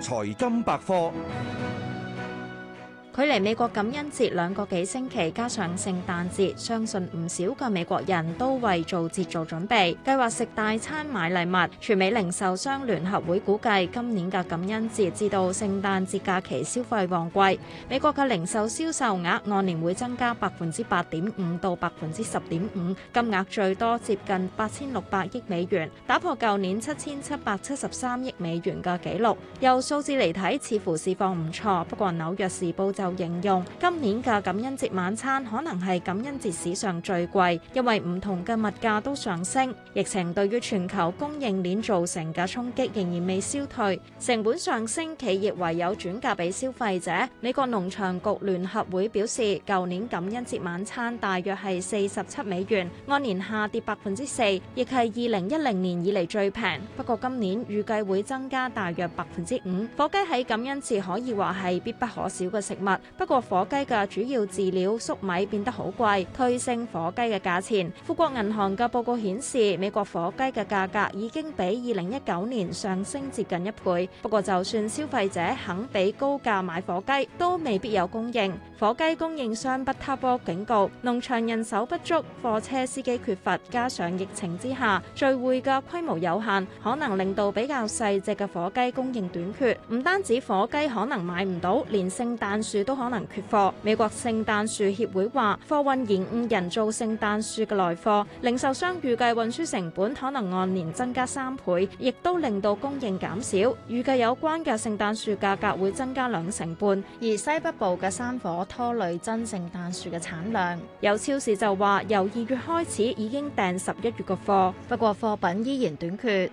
財金百科。距離美國感恩節兩個幾星期，加上聖誕節，相信唔少嘅美國人都為做節做準備，計劃食大餐、買禮物。全美零售商聯合會估計，今年嘅感恩節至到聖誕節假期消費旺季，美國嘅零售銷售額按年會增加百分之八點五到百分之十點五，金額最多接近八千六百億美元，打破舊年七千七百七十三億美元嘅紀錄。由數字嚟睇，似乎市況唔錯，不過紐約時報就形容今年嘅感恩節晚餐可能係感恩節史上最貴，因為唔同嘅物價都上升。疫情對於全球供應鏈造成嘅衝擊仍然未消退，成本上升，企業唯有轉嫁俾消費者。美國農場局聯合會表示，舊年感恩節晚餐大約係四十七美元，按年下跌百分之四，亦係二零一零年以嚟最平。不過今年預計會增加大約百分之五。火雞喺感恩節可以話係必不可少嘅食物。不過火雞嘅主要飼料粟米變得好貴，推升火雞嘅價錢。富國銀行嘅報告顯示，美國火雞嘅價格已經比二零一九年上升接近一倍。不過就算消費者肯俾高價買火雞，都未必有供應。火雞供應商不塌波警告，農場人手不足、貨車司機缺乏，加上疫情之下聚會嘅規模有限，可能令到比較細隻嘅火雞供應短缺。唔單止火雞可能買唔到，連聖誕樹。都可能缺貨。美國聖誕樹協會話，貨運延誤人造聖誕樹嘅來貨，零售商預計運輸成本可能按年增加三倍，亦都令到供應減少。預計有關嘅聖誕樹價格會增加兩成半。而西北部嘅山火拖累真聖誕樹嘅產量。有超市就話，由二月開始已經訂十一月嘅貨，不過貨品依然短缺。